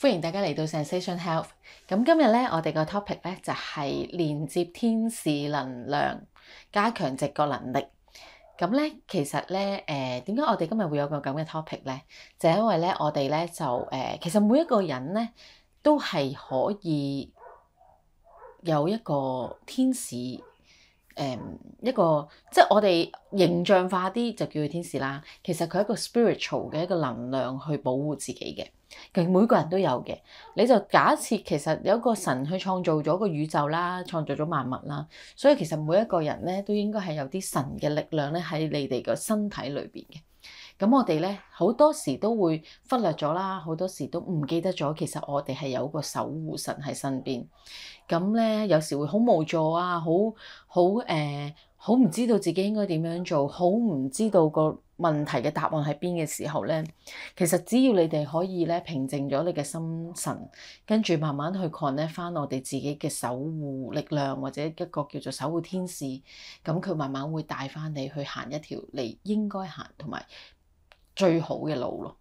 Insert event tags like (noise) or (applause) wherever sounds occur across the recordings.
歡迎大家嚟到 Zensation Health。咁今日咧，我哋個 topic 咧就係連接天使能量，加強直覺能力。咁咧，其實咧，誒，點解我哋今日會有個咁嘅 topic 咧？就係因為咧，我哋咧就誒，其實每一個人咧都係可以有一個天使。誒，一個即係我哋形象化啲就叫佢天使啦。其實佢係一個 spiritual 嘅一個能量去保護自己嘅，其實每個人都有嘅。你就假設其實有一個神去創造咗個宇宙啦，創造咗萬物啦，所以其實每一個人咧都應該係有啲神嘅力量咧喺你哋個身體裏邊嘅。咁我哋咧好多時都會忽略咗啦，好多時都唔記得咗。其實我哋係有個守護神喺身邊。咁咧有時會好無助啊，好好誒，呃，好唔知道自己應該點樣做，好唔知道個問題嘅答案喺邊嘅時候咧，其實只要你哋可以咧平靜咗你嘅心神，跟住慢慢去 connect 翻我哋自己嘅守護力量，或者一個叫做守護天使，咁佢慢慢會帶翻你去行一條你應該行同埋最好嘅路咯。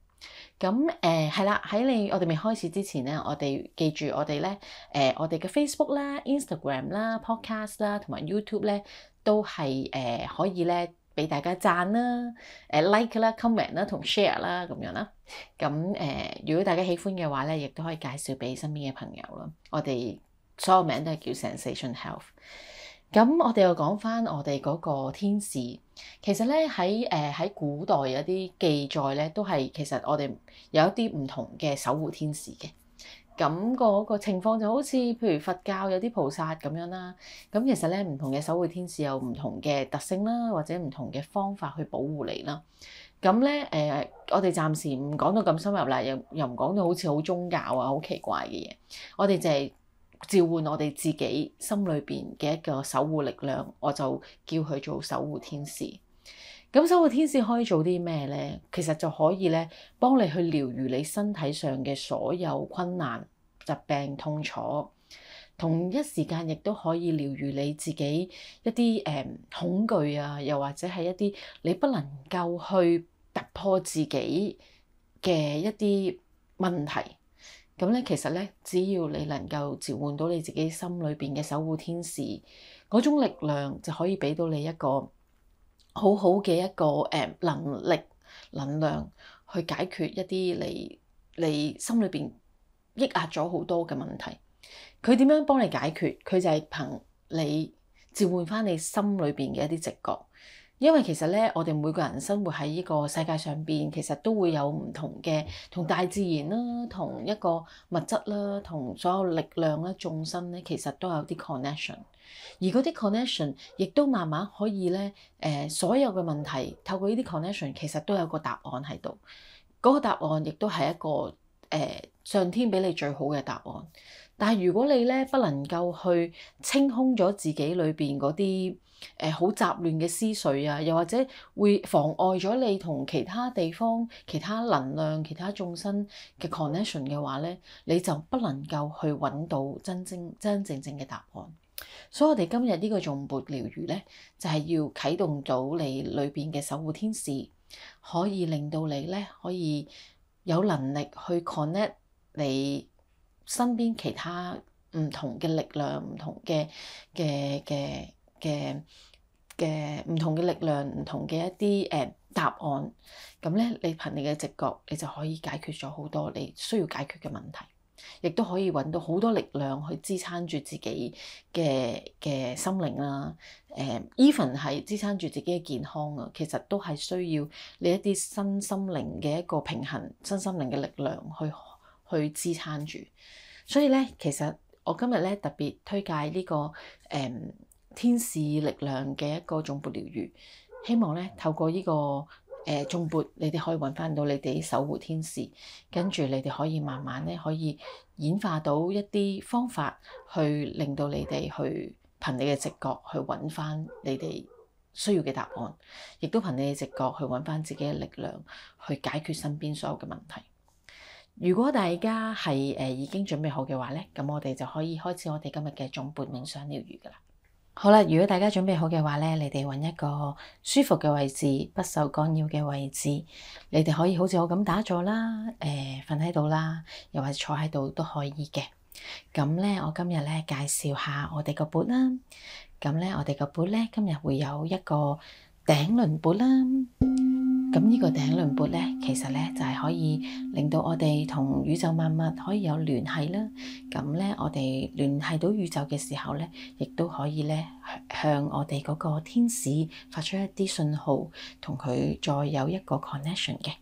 咁誒係啦，喺、呃、你我哋未開始之前咧，我哋記住我哋咧誒，我哋嘅 Facebook 啦、Instagram 啦、Podcast 啦，同埋 YouTube 咧都係誒、呃、可以咧俾大家讚啦、誒、呃、Like 啦、Comment 啦同 Share 啦咁樣啦。咁誒、呃，如果大家喜歡嘅話咧，亦都可以介紹俾身邊嘅朋友啦。我哋所有名都係叫 Zensation Health。咁我哋又講翻我哋嗰個天使，其實咧喺誒喺古代有啲記載咧，都係其實我哋有一啲唔同嘅守護天使嘅。咁嗰個情況就好似譬如佛教有啲菩薩咁樣啦。咁其實咧唔同嘅守護天使有唔同嘅特性啦，或者唔同嘅方法去保護你啦。咁咧誒，我哋暫時唔講到咁深入啦，又又唔講到好似好宗教啊、好奇怪嘅嘢。我哋淨係召喚我哋自己心裏邊嘅一個守護力量，我就叫佢做守護天使。咁守護天使可以做啲咩咧？其實就可以咧幫你去療愈你身體上嘅所有困難、疾病、痛楚，同一時間亦都可以療愈你自己一啲誒、嗯、恐懼啊，又或者係一啲你不能夠去突破自己嘅一啲問題。咁咧，其實咧，只要你能夠召喚到你自己心裏邊嘅守護天使，嗰種力量就可以俾到你一個好好嘅一個誒能力能量，去解決一啲你你心裏邊抑壓咗好多嘅問題。佢點樣幫你解決？佢就係憑你召喚翻你心裏邊嘅一啲直覺。因為其實咧，我哋每個人生活喺呢個世界上邊，其實都會有唔同嘅，同大自然啦，同一個物質啦，同所有力量啦、眾生咧，其實都有啲 connection。而嗰啲 connection 亦都慢慢可以咧，誒、呃、所有嘅問題透過呢啲 connection，其實都有個答案喺度。嗰、這個答案亦都係一個誒、呃、上天俾你最好嘅答案。但係如果你咧，不能夠去清空咗自己裏邊嗰啲，誒，好雜亂嘅思緒啊，又或者會妨礙咗你同其他地方、其他能量、其他眾生嘅 connection 嘅話咧，你就不能夠去揾到真正真真正正嘅答案。所以我哋今日呢個頌缽療癒咧，就係、是、要啟動到你裏邊嘅守護天使，可以令到你咧，可以有能力去 connect 你身邊其他唔同嘅力量、唔同嘅嘅嘅。嘅嘅唔同嘅力量，唔同嘅一啲誒、嗯、答案，咁咧你憑你嘅直覺，你就可以解決咗好多你需要解決嘅問題，亦都可以揾到好多力量去支撐住自己嘅嘅心靈啦。誒，even 係支撐住自己嘅健康啊，其實都係需要你一啲身心靈嘅一個平衡，身心靈嘅力量去去支撐住。所以咧，其實我今日咧特別推介呢、這個誒。嗯天使力量嘅一個頌缽療癒，希望咧透過呢、這個誒頌缽，你哋可以揾返到你哋守護天使，跟住你哋可以慢慢咧可以演化到一啲方法，去令到你哋去憑你嘅直覺去揾返你哋需要嘅答案，亦都憑你嘅直覺去揾返自己嘅力量去解決身邊所有嘅問題。如果大家係誒、呃、已經準備好嘅話咧，咁我哋就可以開始我哋今日嘅頌缽冥想療癒㗎喇。好啦，如果大家準備好嘅話呢，你哋揾一個舒服嘅位置，不受干擾嘅位置，你哋可以好似我咁打坐啦，誒、呃，瞓喺度啦，又或者坐喺度都可以嘅。咁呢，我今日呢介紹下我哋個缽啦。咁呢，我哋個缽呢今日會有一個頂輪缽啦。咁呢個頂輪撥咧，其實咧就係、是、可以令到我哋同宇宙萬物可以有聯繫啦。咁咧，我哋聯繫到宇宙嘅時候咧，亦都可以咧向我哋嗰個天使發出一啲信號，同佢再有一個 connection 嘅。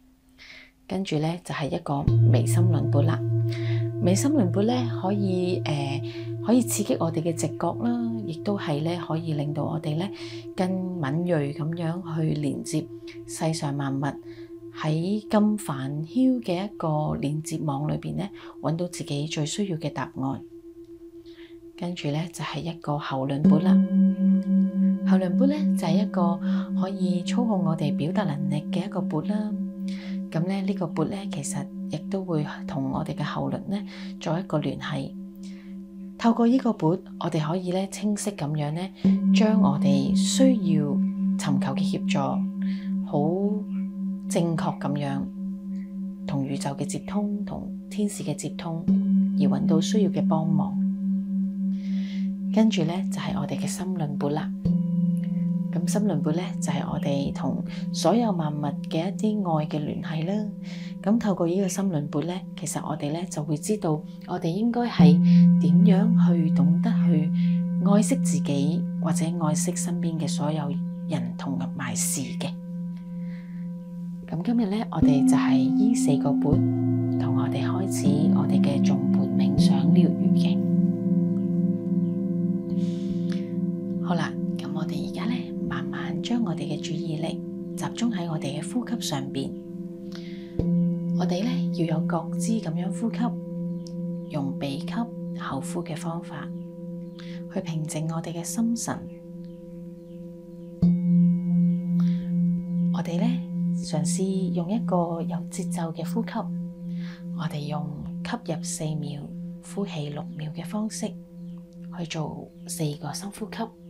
跟住咧就係、是、一個眉心輪撥啦。眉心輪缽咧可以誒、呃，可以刺激我哋嘅直覺啦，亦都係咧可以令到我哋咧更敏銳咁樣去連接世上萬物，喺咁繁囂嘅一個連接網裏邊咧，搵到自己最需要嘅答案。跟住咧就係一個喉輪缽啦，喉輪缽咧就係一個可以操控我哋表達能力嘅一個缽啦。咁咧呢個缽咧其實。亦都會同我哋嘅後輪咧做一個聯繫，透過呢個缽，我哋可以咧清晰咁樣咧，將我哋需要尋求嘅協助，好正確咁樣同宇宙嘅接通，同天使嘅接通，而搵到需要嘅幫忙。跟住咧就係、是、我哋嘅心輪缽啦。咁心輪缽咧，就係、是、我哋同所有萬物嘅一啲愛嘅聯繫啦。咁透過個呢個心輪缽咧，其實我哋咧就會知道，我哋應該係點樣去懂得去愛惜自己，或者愛惜身邊嘅所有人同埋事嘅。咁今日咧，我哋就係呢四個缽同我哋開始我哋嘅頌缽冥想呢療愈嘅。好啦。我哋嘅注意力集中喺我哋嘅呼吸上面，我哋呢要有覺知咁樣呼吸，用鼻吸口呼嘅方法去平靜我哋嘅心神。我哋呢嘗試用一個有節奏嘅呼吸，我哋用吸入四秒，呼氣六秒嘅方式去做四個深呼吸。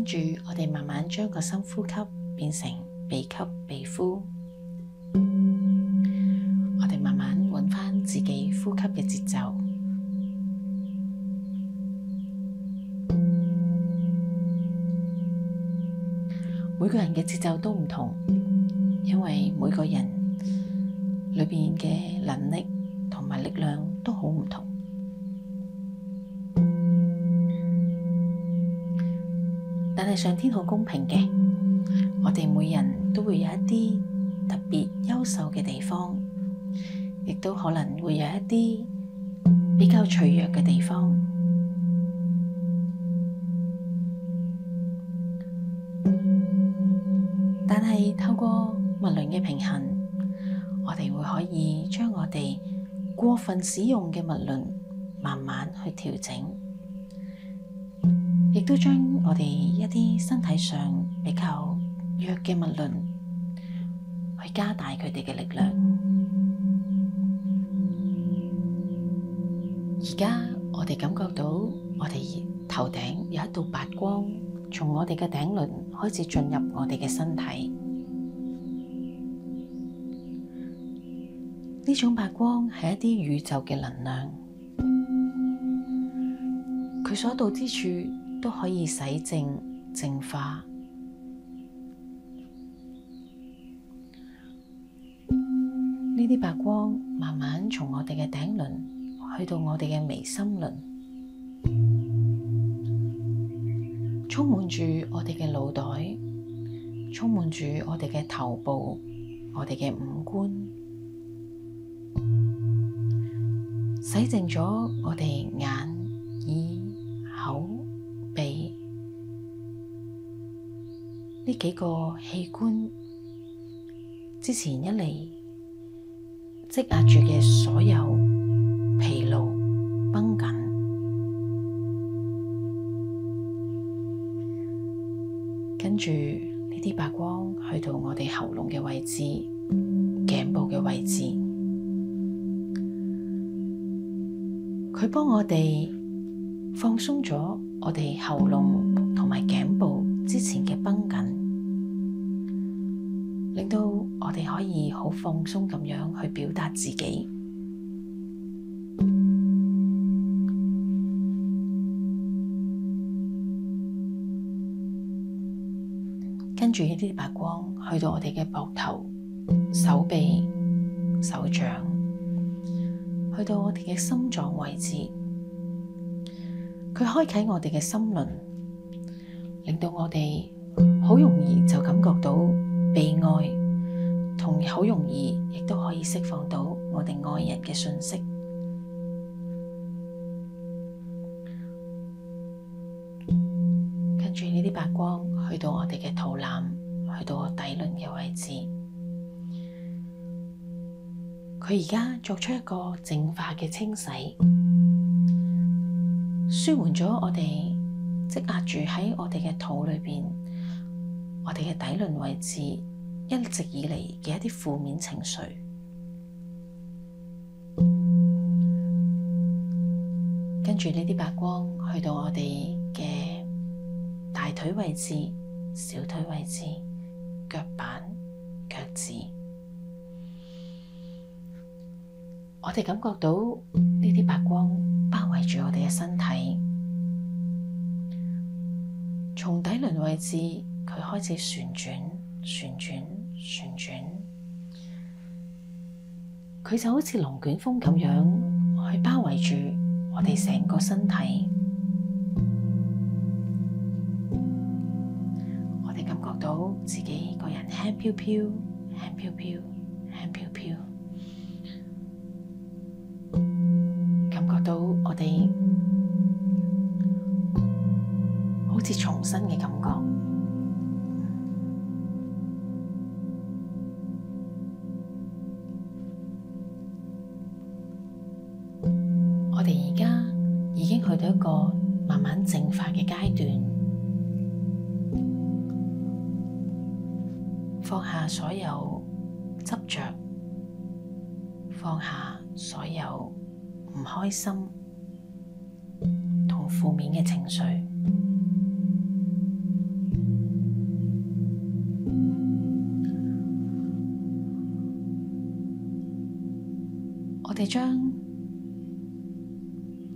跟住，我哋慢慢將個深呼吸變成鼻吸鼻呼，我哋慢慢揾翻自己呼吸嘅節奏。每個人嘅節奏都唔同，因為每個人裏邊嘅能力同埋力量都好唔同。上天好公平嘅，我哋每人都會有一啲特別優秀嘅地方，亦都可能會有一啲比較脆弱嘅地方。但係透過脈輪嘅平衡，我哋會可以將我哋過分使用嘅脈輪慢慢去調整。亦都將我哋一啲身體上比較弱嘅物輪去加大佢哋嘅力量。而家我哋感覺到我哋頭頂有一道白光，從我哋嘅頂輪開始進入我哋嘅身體。呢種白光係一啲宇宙嘅能量，佢所到之處。都可以洗淨、淨化，呢啲白光慢慢從我哋嘅頂輪去到我哋嘅眉心輪，充滿住我哋嘅腦袋，充滿住我哋嘅頭部，我哋嘅五官，洗淨咗我哋眼，呢幾個器官之前一嚟積壓住嘅所有疲勞繃緊，跟住呢啲白光去到我哋喉嚨嘅位置、頸部嘅位置，佢幫我哋放鬆咗我哋喉嚨同埋頸部之前嘅繃緊。令到我哋可以好放鬆咁樣去表達自己，跟住呢啲白光去到我哋嘅膊頭、手臂、手掌，去到我哋嘅心臟位置，佢開啟我哋嘅心輪，令到我哋好容易就感覺到。被愛，同好容易，亦都可以釋放到我哋愛人嘅信息。跟住呢啲白光去到我哋嘅肚腩，去到個底輪嘅位置，佢而家作出一個淨化嘅清洗，舒緩咗我哋積壓住喺我哋嘅肚裏邊。我哋嘅底輪位置，一直以嚟嘅一啲負面情緒，跟住呢啲白光去到我哋嘅大腿位置、小腿位置、腳板、腳趾，我哋感覺到呢啲白光包圍住我哋嘅身體，從底輪位置。佢開始旋轉，旋轉，旋轉。佢就好似龍捲風咁樣去包圍住我哋成個身體。 (noise) 我哋感覺到自己個人輕飄飄，輕飄飄，輕飄飄。感覺到我哋好似重生嘅感覺。一個慢慢淨化嘅階段，放下所有執着，放下所有唔開心同負面嘅情緒，我哋將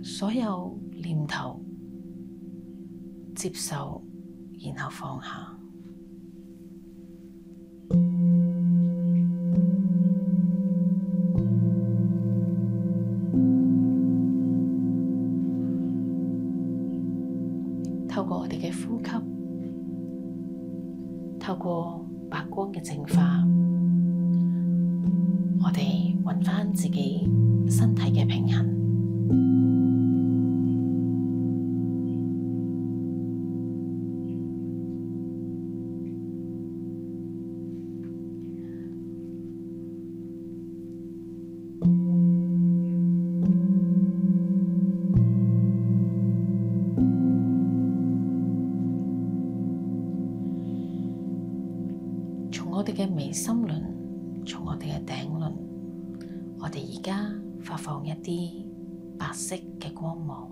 所有。念頭，接受，然後放下。透過我哋嘅呼吸，透過白光嘅淨化，我哋搵翻自己身體嘅平衡。我哋嘅頂輪，我哋而家發放一啲白色嘅光芒，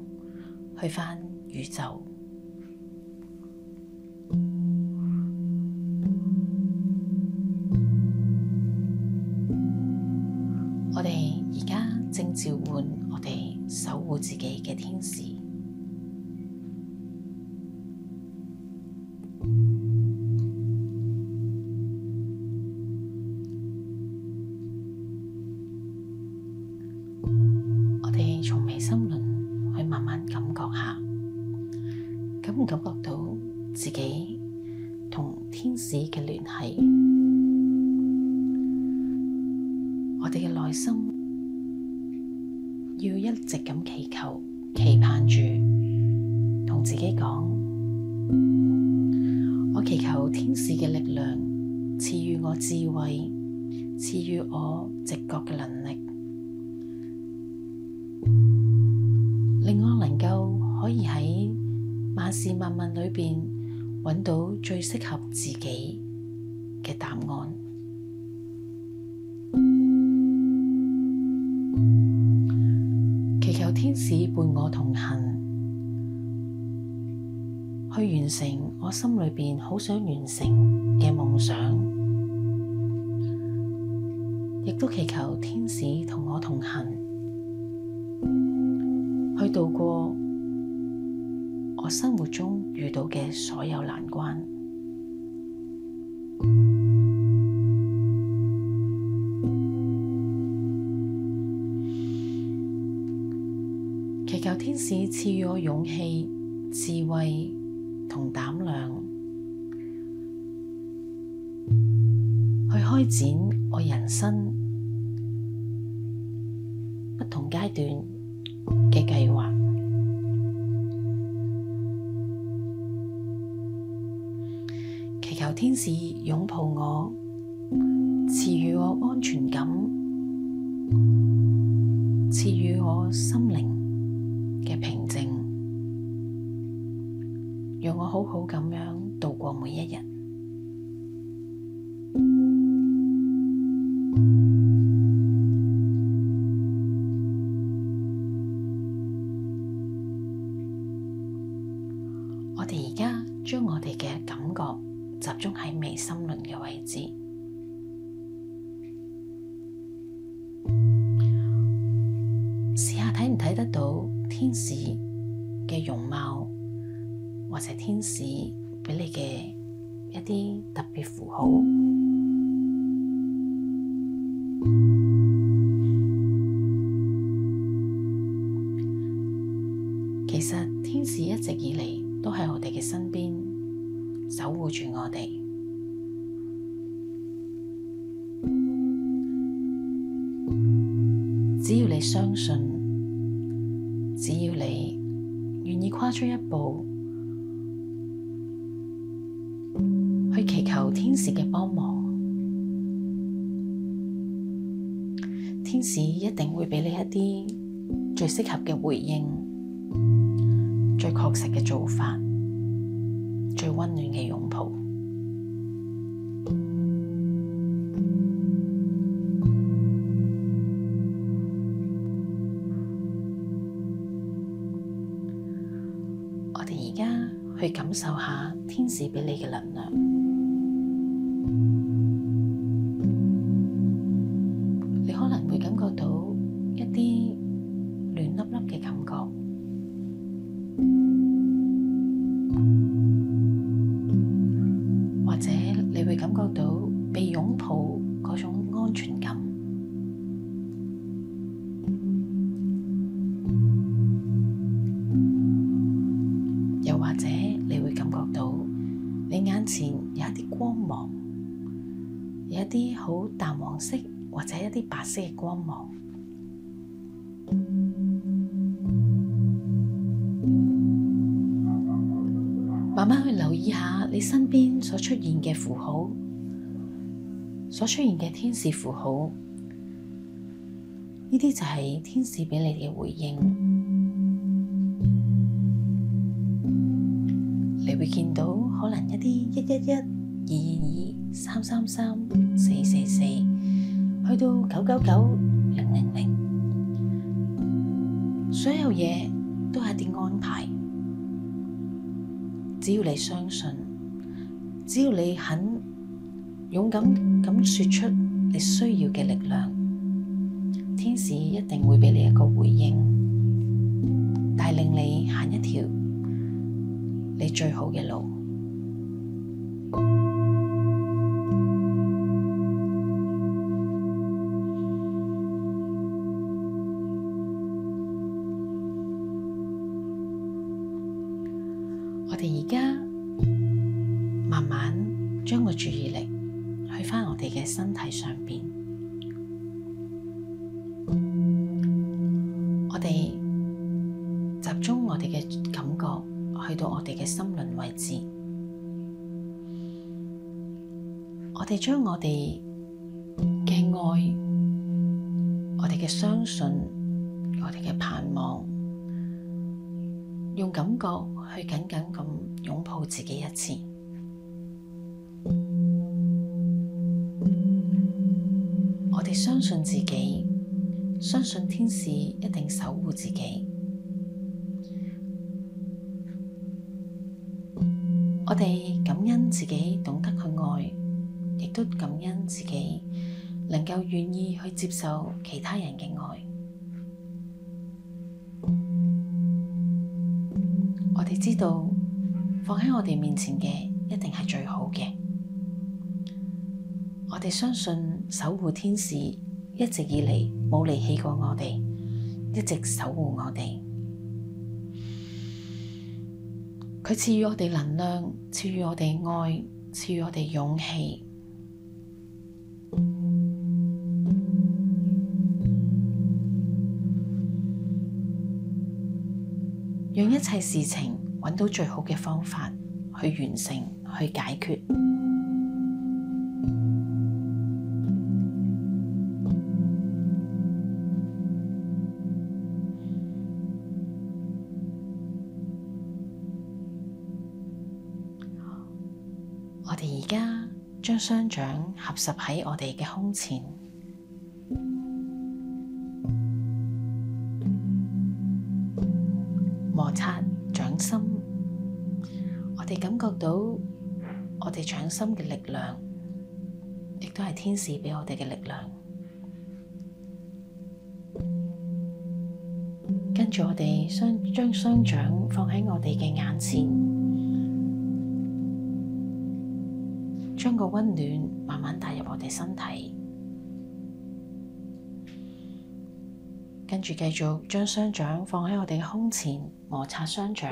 去返宇宙。嘅內心要一直咁祈求、期盼住，同自己講：我祈求天使嘅力量，賜予我智慧，賜予我直覺嘅能力，令我能夠可以喺萬事萬物裏邊揾到最適合自己嘅答案。天使伴我同行，去完成我心裏邊好想完成嘅夢想，亦都祈求天使同我同行，去度過我生活中遇到嘅所有難關。天使賜予我勇氣、智慧同膽量，去開展我人生不同階段嘅計劃。祈求天使擁抱我，賜予我安全感，賜予我心靈。好好咁樣度過每一日。天使一直以嚟都喺我哋嘅身邊守護住我哋。只要你相信，只要你願意跨出一步去祈求天使嘅幫忙，天使一定會畀你一啲最適合嘅回應。最確實嘅做法，最溫暖嘅擁抱。 (noise) 我哋而家去感受下天使俾你嘅能量。你身邊所出現嘅符號，所出現嘅天使符號，呢啲就係天使俾你嘅回應。 (noise) 你會見到可能一啲一一一、二二二、三三三、四四四，去到九九九、零零零，所有嘢都係一啲安排，只要你相信。只要你肯勇敢咁說出你需要嘅力量，天使一定會俾你一個回應，帶領你行一條你最好嘅路。將個注意力去返我哋嘅身體上邊，我哋集中我哋嘅感覺去到我哋嘅心輪位置，我哋將我哋嘅愛、我哋嘅相信、我哋嘅盼望，用感覺去緊緊咁擁抱自己一次。相信自己，相信天使一定守護自己。我哋感恩自己懂得去愛，亦都感恩自己能夠願意去接受其他人嘅愛。我哋知道，放喺我哋面前嘅一定係最好嘅。我哋相信守護天使一直以嚟，冇離棄過我哋，一直守護我哋。佢賜予我哋能量，賜予我哋愛，賜予我哋勇氣，讓一切事情揾到最好嘅方法去完成，去解決。雙掌合十喺我哋嘅胸前，摩擦掌心，我哋感覺到我哋掌心嘅力量，亦都係天使畀我哋嘅力量。跟住我哋雙將雙掌放喺我哋嘅眼前。個溫暖慢慢帶入我哋身體，跟住繼續將雙掌放喺我哋胸前，摩擦雙掌。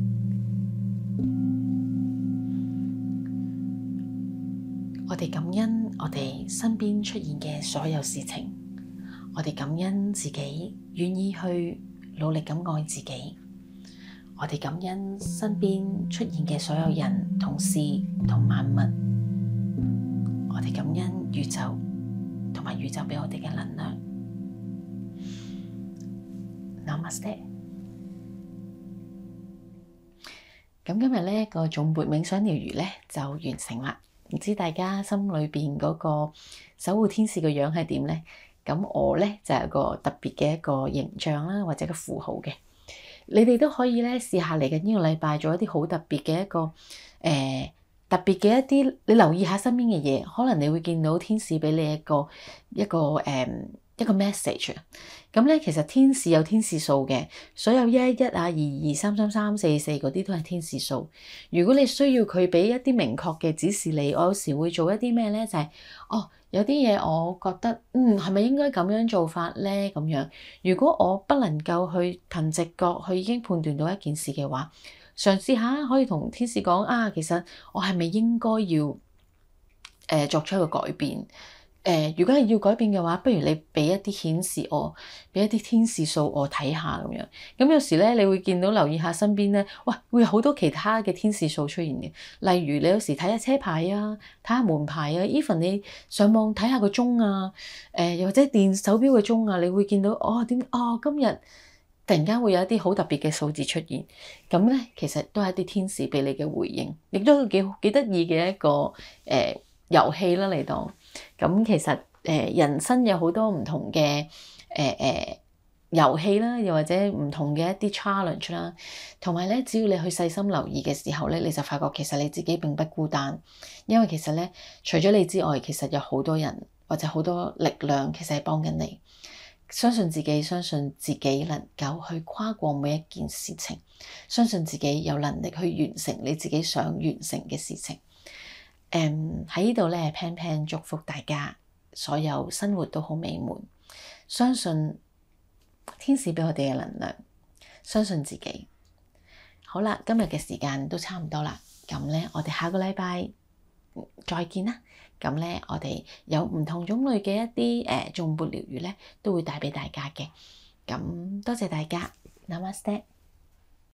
(noise) 我哋感恩我哋身邊出現嘅所有事情，我哋感恩自己願意去努力咁愛自己。我哋感恩身邊出現嘅所有人、同事同萬物，我哋感恩宇宙同埋宇宙俾我哋嘅能量。Namaste。咁今日呢個頌缽冥想療癒呢就完成啦，唔知大家心裏邊嗰個守護天使嘅樣係點呢？咁我呢，就係個特別嘅一個形象啦，或者個符號嘅。你哋都可以咧，試下嚟緊呢個禮拜做一啲好特別嘅一個誒、呃、特別嘅一啲，你留意下身邊嘅嘢，可能你會見到天使俾你一個一個誒、呃、一個 message。咁咧，其實天使有天使數嘅，所有一一一啊、二二三三三四四嗰啲都係天使數。如果你需要佢俾一啲明確嘅指示你，我有時會做一啲咩咧？就係、是、哦。有啲嘢我覺得，嗯，係咪應該咁樣做法呢？咁樣，如果我不能夠去憑直覺去已經判斷到一件事嘅話，嘗試下可以同天使講啊，其實我係咪應該要誒、呃、作出一個改變？誒、呃，如果係要改變嘅話，不如你俾一啲顯示我，俾、哦、一啲天使數我睇下咁樣。咁有時咧，你會見到留意下身邊咧，哇，會有好多其他嘅天使數出現嘅。例如你有時睇下車牌啊，睇下門牌啊，even 你上網睇下個鐘啊，又、呃、或者電手錶嘅鐘啊，你會見到哦點啊、哦，今日突然間會有一啲好特別嘅數字出現。咁咧，其實都係一啲天使俾你嘅回應，亦都係幾幾得意嘅一個誒、呃、遊戲啦你當。咁其實誒人生有好多唔同嘅誒誒遊戲啦，又或者唔同嘅一啲 challenge 啦，同埋咧，只要你去細心留意嘅時候咧，你就發覺其實你自己並不孤單，因為其實咧除咗你之外，其實有好多人或者好多力量其實係幫緊你。相信自己，相信自己能夠去跨過每一件事情，相信自己有能力去完成你自己想完成嘅事情。誒喺、um, 呢度咧，PAN PAN 祝福大家，所有生活都好美滿。相信天使俾我哋嘅能量，相信自己。好啦，今日嘅時間都差唔多啦，咁咧我哋下個禮拜再見啦。咁咧我哋有唔同種類嘅一啲誒頌缽療癒咧，都會帶俾大家嘅。咁多謝大家，Namaste。Nam